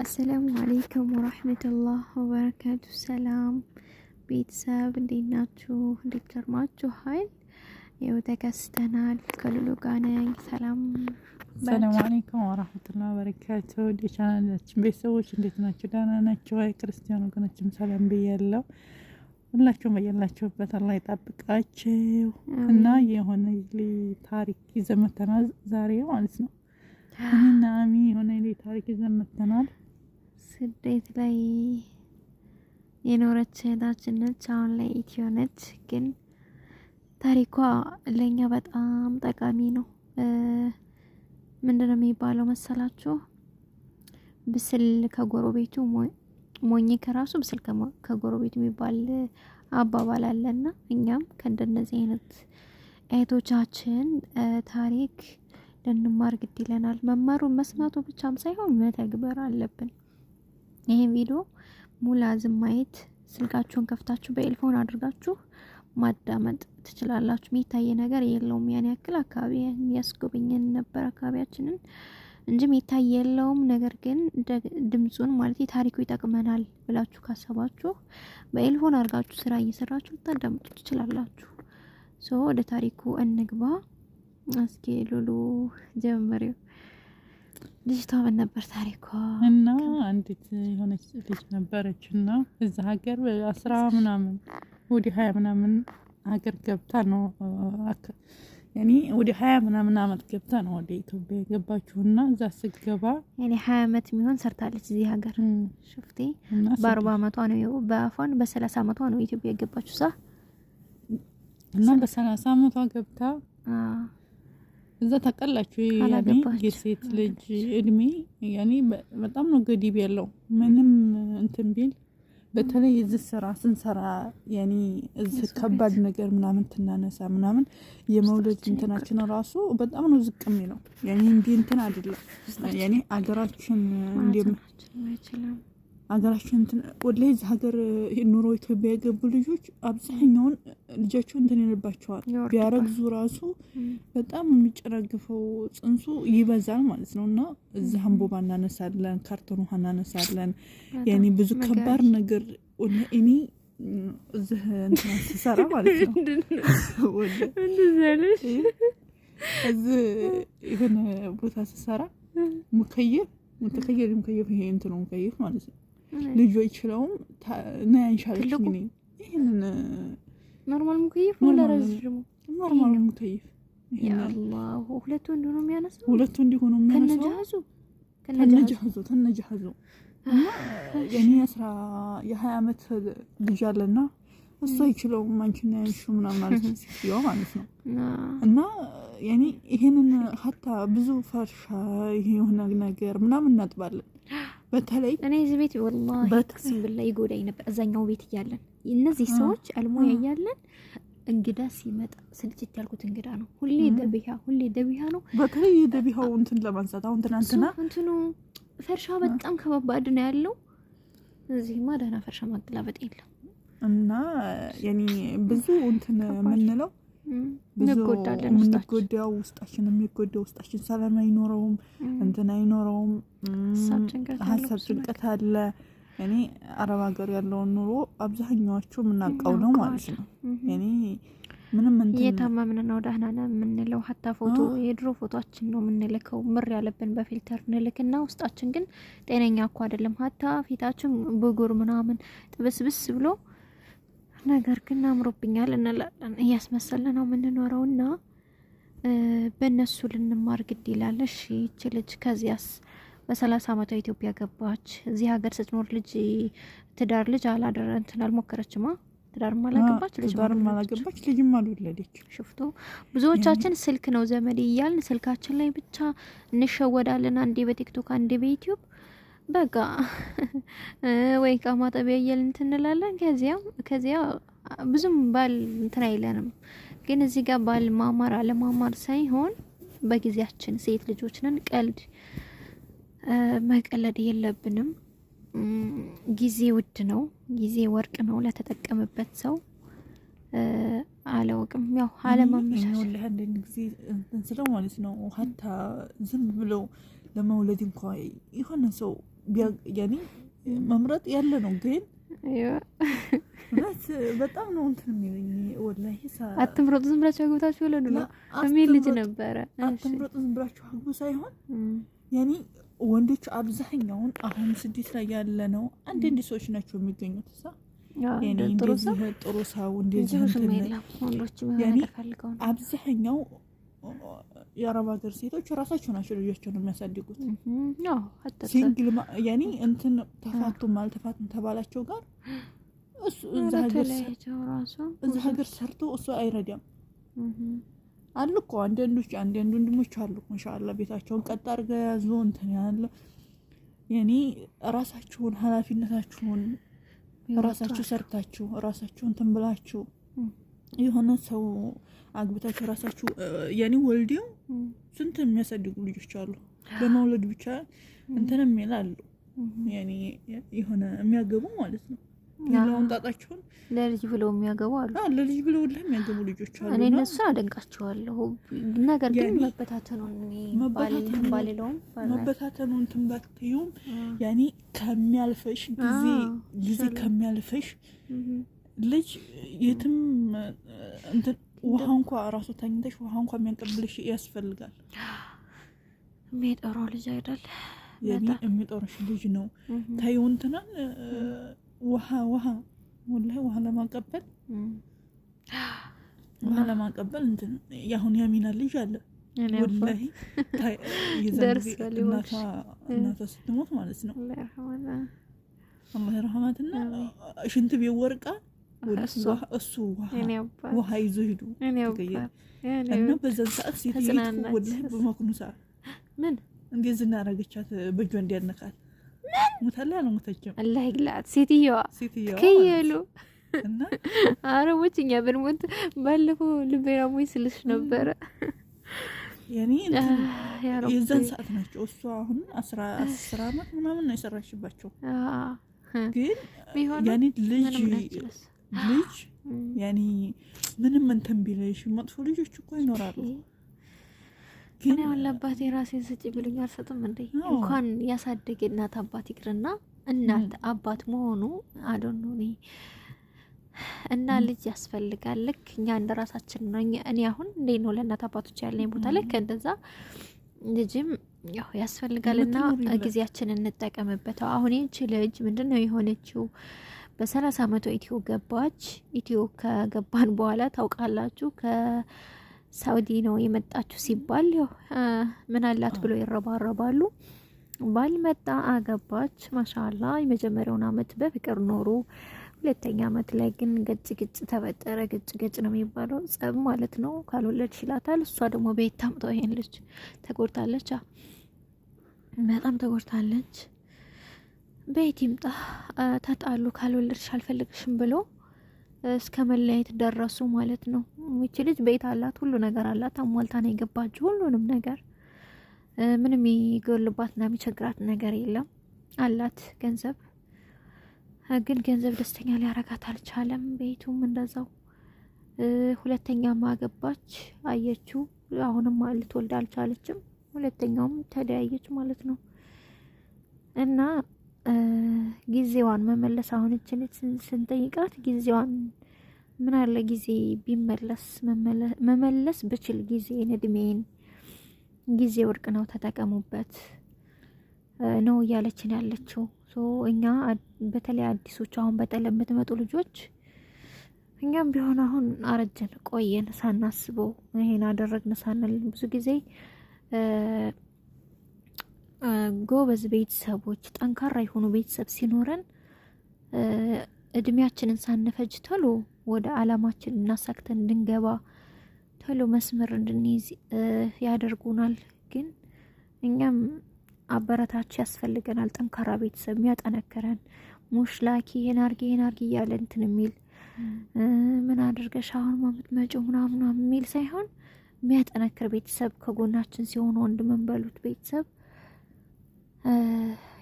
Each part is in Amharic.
አሰላሙ አሌይኩም ወራህመቱላህ ወበረካቱ። ሰላም ቤተሰብ እንዴት ናችሁ? እንዴት ከርማችኋል? ያው ተከስተናል። ከሉሉ ጋር ነኝ። ሰላም ሰላም አለይኩም ወራህመቱላህ ወበረካቱ። ቻናላችን ቤተሰቦች እንዴት ናቸው? ደህና ናቸው? አይ ክርስቲያን ወገኖችም ሰላም ብያለሁ። ሁላችሁም በያላችሁበት አላህ ይጠብቃችሁ እና የሆነ ታሪክ ይዘመተናል ዛሬ ማለት ነው እኔና አሚ የሆነ ታሪክ ይዘን ስደት ላይ የኖረች እህታችን ነች። አሁን ላይ ኢትዮ ነች። ግን ታሪኳ ለእኛ በጣም ጠቃሚ ነው። ምንድነው የሚባለው መሰላችሁ? ብስል ከጎረቤቱ ሞኝ ከራሱ ብስል ከጎረቤቱ የሚባል አባባል አለና እኛም ከእንደነዚህ አይነት እህቶቻችን ታሪክ ልንማር ግድ ይለናል። መማሩን መስማቱ ብቻም ሳይሆን መተግበር አለብን። ይሄን ቪዲዮ ሙላዝም ማየት፣ ስልካችሁን ከፍታችሁ በኤልፎን አድርጋችሁ ማዳመጥ ትችላላችሁ። የሚታየ ነገር የለውም። ያን ያክል አካባቢ ያስጎበኘን ነበር አካባቢያችንን እንጂ የሚታይ የለውም። ነገር ግን ድምፁን ማለት ታሪኩ ይጠቅመናል ብላችሁ ካሰባችሁ በኤልፎን አድርጋችሁ ስራ እየሰራችሁ ልታዳምጡ ትችላላችሁ። ሶ ወደ ታሪኩ እንግባ። እስኪ ሉሉ ጀምሪው። ልጅቷ ምን ነበር ታሪኮ? እና አንዲት የሆነች ልጅ ነበረች እና እዛ ሀገር አስራ ምናምን ወዲ ሀያ ምናምን ሀገር ገብታ ነው እኔ ወዲ ሀያ ምናምን አመት ገብታ ነው ወደ ኢትዮጵያ የገባችሁ እና እዛ ስትገባ እኔ ሀያ አመት የሚሆን ሰርታለች እዚህ ሀገር ሽፍቲ በአርባ አመቷ ነው በአፏን በሰላሳ አመቷ ነው ኢትዮጵያ የገባችሁ ሳ እና በሰላሳ አመቷ ገብታ እዛ ታውቃላችሁ የሴት ልጅ እድሜ ያኔ በጣም ነው ገዲብ ያለው ምንም እንትን ቢል በተለይ እዚህ ስራ ስንሰራ ያኔ እዚህ ከባድ ነገር ምናምን ትናነሳ ምናምን የመውለድ እንትናችን ራሱ በጣም ነው ዝቅ የሚለው ያኔ እንዲህ እንትን አይደለም ያኔ አገራችን እንደ ሀገራችን ወላይ እዚህ ሀገር ኑሮ ኢትዮጵያ የገቡ ልጆች አብዛኛውን ልጃቸው እንትን ይልባቸዋል። ቢያረግዙ ራሱ በጣም የሚጨናግፈው ጽንሱ ይበዛል ማለት ነው። እና እዚህ አንቦባ እናነሳለን፣ ካርቶን ውሃ እናነሳለን። ያኔ ብዙ ከባድ ነገር እኔ እዚህ እንትና ስሰራ ማለት ነው እዚህ የሆነ ቦታ ስሰራ ሙከየፍ ሙተከየፍ ሙከየፍ ይሄ እንትነው ሙከየፍ ማለት ነው ልጁ አይችለውም። ና ያንሻለች ይህንን ኖርማል ሙከይፍ ነው ለረዥሙ ኖርማል ሙከይፍ ሁለቱ ወንድ ሆኖ የሚያነሳው ሁለት ወንድ ሆኖ የሚያነሳው ከነጃህዙ ከነጃህዙ የኔ አስራ የሀያ አመት ልጅ አለና እሱ አይችለውም አንቺና ያንሹ ምናምን ሲዋ ማለት ነው። እና ያኔ ይሄንን ሀታ ብዙ ፈርሻ ይሄ የሆነ ነገር ምናምን እናጥባለን በተለይ እኔ እዚህ ቤት ወላሂ ቅስም ብላ ይጎዳኝ ነበር። እዛኛው ቤት እያለን እነዚህ ሰዎች አልሞያ እያለን እንግዳ ሲመጣ ስልችት ያልኩት እንግዳ ነው። ሁሌ ደቢያ ሁሌ ደቢያ ነው። በተለይ የደቢያው እንትን ለማንሳት አሁን ትናንትና እንትኑ ፈርሻ በጣም ከባባድ ነው ያለው። እዚህማ ደህና ፈርሻ ማገላበጥ የለም እና ብዙ እንትን የምንለው እንጎዳለን። የምንጎዳው ውስጣችን የሚጎዳ ውስጣችን ሰላም አይኖረውም፣ እንትን አይኖረውም፣ ሀሳብ ጭንቀት አለ። እኔ አረብ ሀገር ያለውን ኑሮ አብዛኛዎቹ የምናውቀው ነው ማለት ነው። እኔ ምንም እየታመምን ነው ደህና ነን የምንለው። ሀታ ፎቶ የድሮ ፎቶችን ነው የምንልከው። ምር ያለብን በፊልተር እንልክና ውስጣችን ግን ጤነኛ እኮ አይደለም። ሀታ ፊታችን ብጉር ምናምን ጥብስብስ ብሎ ነገር ግን አምሮብኛል እንላለን። እያስመሰለ ነው የምንኖረው እና በእነሱ ልንማር ግድ ይላል። እሺ ይቺ ልጅ ከዚያስ በሰላሳ አመቷ ኢትዮጵያ ገባች። እዚህ ሀገር ስትኖር ልጅ ትዳር ልጅ አላደረ እንትን አልሞከረችማ። ትዳርም አላገባች ልጅም አላገባች ልጅም አልወለደች። ሽፍቶ ብዙዎቻችን ስልክ ነው ዘመድ እያልን ስልካችን ላይ ብቻ እንሸወዳለን። አንዴ በቲክቶክ አንዴ በዩቲዩብ በቃ ወይ እቃ ማጠቢያ እያልን እንትንላለን። ከዚያ ከዚያ ብዙም ባል እንትን አይለንም፣ ግን እዚህ ጋር ባል ማማር አለማማር ሳይሆን በጊዜያችን ሴት ልጆች ነን፣ ቀልድ መቀለድ የለብንም። ጊዜ ውድ ነው፣ ጊዜ ወርቅ ነው። ለተጠቀመበት ሰው አላውቅም፣ ያው አለማመሻሽ አንዳንድ ጊዜ እንትን ስለው ማለት ነው ሀታ ዝም ብለው ለመውለድ እንኳ የሆነ ሰው ያኔ መምረጥ ያለ ነው ግን በጣም ነው እንትን የሚለኝ ወላሂ። አትምረጡ ዝም ብላችሁ አግብታችሁ ብለን ነው የሚል ልጅ ነበረ። አትምረጡ ዝም ብላችሁ አግቡ ሳይሆን ያኔ ወንዶች አብዛኛውን አሁን ስደት ላይ ያለ ነው አንዳንድ ሰዎች ናቸው የሚገኙት እሳ ጥሩ ሰው እንደዚህ አብዛኛው የአረብ ሀገር ሴቶች ራሳቸው ናቸው ልጆቻቸውን የሚያሳድጉት። ሲንግል ያኔ እንትን ተፋቱ አልተፋቱም ተባላቸው ጋር እዛ ሀገር ሰርቶ እሱ አይረዳም አሉ እኮ አንዳንዶች አንዳንድ ወንድሞች አሉ እንሻላ ቤታቸውን ቀጥ አድርገ ያዙ እንትን ያለ ያኔ ራሳችሁን ኃላፊነታችሁን ራሳችሁ ሰርታችሁ ራሳችሁን ትንብላችሁ የሆነ ሰው አግብታችሁ ራሳችሁ ያኔ ወልዴው ስንት የሚያሳድጉ ልጆች አሉ። በመውለድ ብቻ እንትን የሚል አሉ። የሆነ የሚያገቡ ማለት ነው ሚለውን ጣጣቸውን ለልጅ ብለው የሚያገቡ አሉ። ለልጅ ብለው ሁላ የሚያገቡ ልጆች አሉ። እኔ እነሱን አደንቃቸዋለሁ። ነገር ግን መበታተኑን ባልለውም መበታተኑን ትንባትዩም ያኔ ከሚያልፈሽ ጊዜ ጊዜ ከሚያልፈሽ ልጅ የትም እንትን ውሃ እንኳ እራሱ ተኝተሽ ውሃ እንኳ የሚያቀብልሽ ያስፈልጋል። የሚጠራው ልጅ አይደል የሚጠራሽ ልጅ ነው። ታየው እንትናን ውሃ ውሃ ወላሂ ውሃ ለማቀበል ውሃ ለማቀበል እንትን የአሁን ያሚና ልጅ አለ ወላሂ እናቷ ስትሞት ማለት ነው አላህ ይርሐማትና ሽንት ቤት ወርቃ እሱ ውሃ ይዞ ሄዱ እና በዛን ሰዓት ሴትዮቱ ወደ በመክኑ ሰዓት ምን እንደዚህ እናረገቻት በእጇ እንዲያነካት ሙታላ ነው ሙተችም አላህ ይግላት ሴትዮዋ ከየሉ አረቦች እኛ ብንሞት ባለፈው ልቤና ስልሽ ነበረ። የዛን ሰዓት ናቸው። እሱ አሁን አስር አመት ምናምን ነው የሰራችባቸው ግን ያኔ ልጅ ልጅ ያኔ ምንም እንትን ቢልሽ መጥፎ ልጆች እኮ ይኖራሉ። ግን ያው አባቴ ራሴን ስጭ ብሉኝ አልሰጥም እንዴ? እንኳን ያሳደገ እናት አባት ይቅርና እናት አባት መሆኑ አዶኖ እኔ እና ልጅ ያስፈልጋል። ልክ እኛ እንደ ራሳችን ነው። እኔ አሁን እንዴ ነው ለእናት አባቶች ያለኝ ቦታ ልክ እንደዛ ልጅም ያው ያስፈልጋልና ጊዜያችን እንጠቀምበት። አሁን ይህቺ ልጅ ምንድን ነው የሆነችው? በሰላሳ መቶ ኢትዮ ገባች። ኢትዮ ከገባን በኋላ ታውቃላችሁ ከሳውዲ ነው የመጣችሁ ሲባል ያው ምን አላት ብሎ ይረባረባሉ። ባል መጣ፣ አገባች። ማሻላ የመጀመሪያውን አመት በፍቅር ኖሩ። ሁለተኛ አመት ላይ ግን ግጭ ግጭ ተፈጠረ። ግጭ ግጭ ነው የሚባለው ጸብ ማለት ነው። ካልወለድሽ ይላታል። እሷ ደግሞ ቤት ታምጣው ይሄን ልጅ ተጎድታለች፣ በጣም ተጎድታለች። ቤት ይምጣ ተጣሉ፣ ካልወለድሽ አልፈልግሽም ብሎ እስከ መለያየት ደረሱ ማለት ነው። ይቺ ልጅ ቤት አላት፣ ሁሉ ነገር አላት፣ አሟልታ ነው የገባችው ሁሉንም ነገር። ምንም የሚጎልባትና የሚቸግራት ነገር የለም አላት። ገንዘብ ግን ገንዘብ ደስተኛ ሊያረጋት አልቻለም። ቤቱም እንደዛው። ሁለተኛ ማገባች አየችው። አሁንም ልትወልድ አልቻለችም። ሁለተኛውም ተለያየች ማለት ነው እና ጊዜዋን መመለስ አሁን እችን ስንጠይቃት ጊዜዋን ምን አለ ጊዜ ቢመለስ መመለስ ብችል ጊዜን እድሜን ጊዜ ወርቅ ነው ተጠቀሙበት ነው እያለችን ያለችው። እኛ በተለይ አዲሶች አሁን በጠለ የምትመጡ ልጆች እኛም ቢሆን አሁን አረጀን ቆየን፣ ሳናስበው ይሄን አደረግን ሳናል ብዙ ጊዜ ጎበዝ ቤተሰቦች፣ ጠንካራ የሆኑ ቤተሰብ ሲኖረን እድሜያችንን ሳንፈጅ ቶሎ ወደ አላማችን እናሳክተን እንድንገባ ቶሎ መስመር እንድንይዝ ያደርጉናል። ግን እኛም አበረታች ያስፈልገናል። ጠንካራ ቤተሰብ የሚያጠነክረን ሙሽ ላኪ ይሄን አርጊ ይሄን አርጊ እያለ እንትን የሚል ምን አድርገሽ አሁን ማምት መጪው ምናምን የሚል ሳይሆን የሚያጠነክር ቤተሰብ ከጎናችን ሲሆን ወንድ መንበሉት ቤተሰብ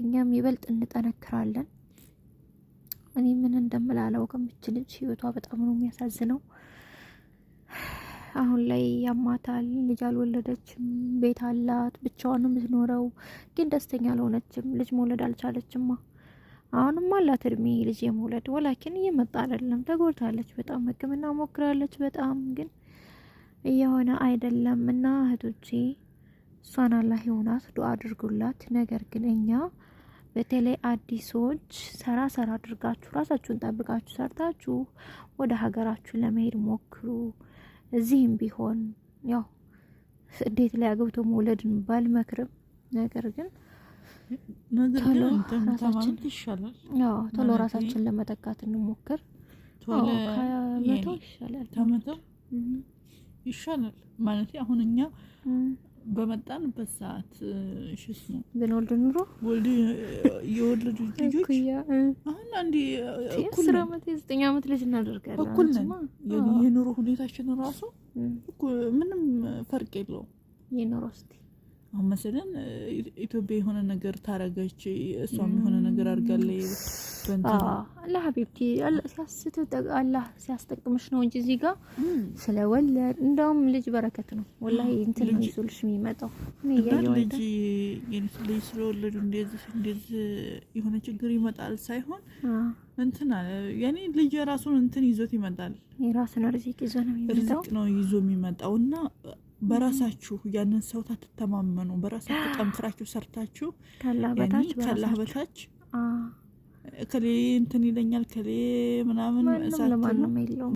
እኛም ይበልጥ እንጠነክራለን። እኔ ምን እንደምላለው አላውቅም። እች ልጅ ህይወቷ በጣም ነው የሚያሳዝነው። አሁን ላይ ያማታል። ልጅ አልወለደችም፣ ቤት አላት፣ ብቻዋን የምትኖረው ግን ደስተኛ አልሆነችም። ልጅ መውለድ አልቻለችማ። አሁንም አላት እድሜ ልጅ የመውለድ ወላኪን እየመጣ አይደለም። ተጎድታለች በጣም ሕክምና ሞክራለች በጣም ግን እየሆነ አይደለም እና እህቶቼ እሷን አላህ የሆናት ዱአ አድርጉላት። ነገር ግን እኛ በተለይ አዲሶች ሰራ ሰራ አድርጋችሁ ራሳችሁን ጠብቃችሁ ሰርታችሁ ወደ ሀገራችሁ ለመሄድ ሞክሩ። እዚህም ቢሆን ያው ስደት ላይ አግብቶ መውለድን ባልመክርም፣ ነገር ግን ቶሎ ራሳችን ለመጠቃት እንሞክር። ይሻላል፣ ይሻላል ማለት አሁን እኛ በመጣንበት ሰዓት ሽስ ነው ብንወልድ ኑሮ ወልድ የወለዱ ልጆች አሁን አንድ አስር ዓመት የዘጠኝ ዓመት ልጅ እናደርጋለን። እኩል ነን። የኑሮ ሁኔታችን ራሱ ምንም ፈርቅ የለውም። የኑሮ ስ አሁን መሰለን ኢትዮጵያ የሆነ ነገር ታረገች፣ እሷም የሆነ ነገር አድርጋለች። ለሀቢብቲ አላህ ሲያስጠቅምሽ ነው እንጂ እዚህ ጋ ስለወለድ እንደውም ልጅ በረከት ነው። ወላሂ እንትን ነው ይዞልሽ የሚመጣው ልጅ ስለወለዱ እንደዚህ እንደዚህ የሆነ ችግር ይመጣል ሳይሆን እንትን አለ ያኔ ልጅ የራሱን እንትን ይዞት ይመጣል። የራሱን ርዝቅ ይዞ ነው የሚመጣው ርዝቅ ነው ይዞ የሚመጣው እና በራሳችሁ ያንን ሰውታ ትተማመኑ በራሳችሁ ጠንክራችሁ ሰርታችሁ ከላህ በታች እከሌ እንትን ይለኛል ከሌ ምናምን እሳት ነው።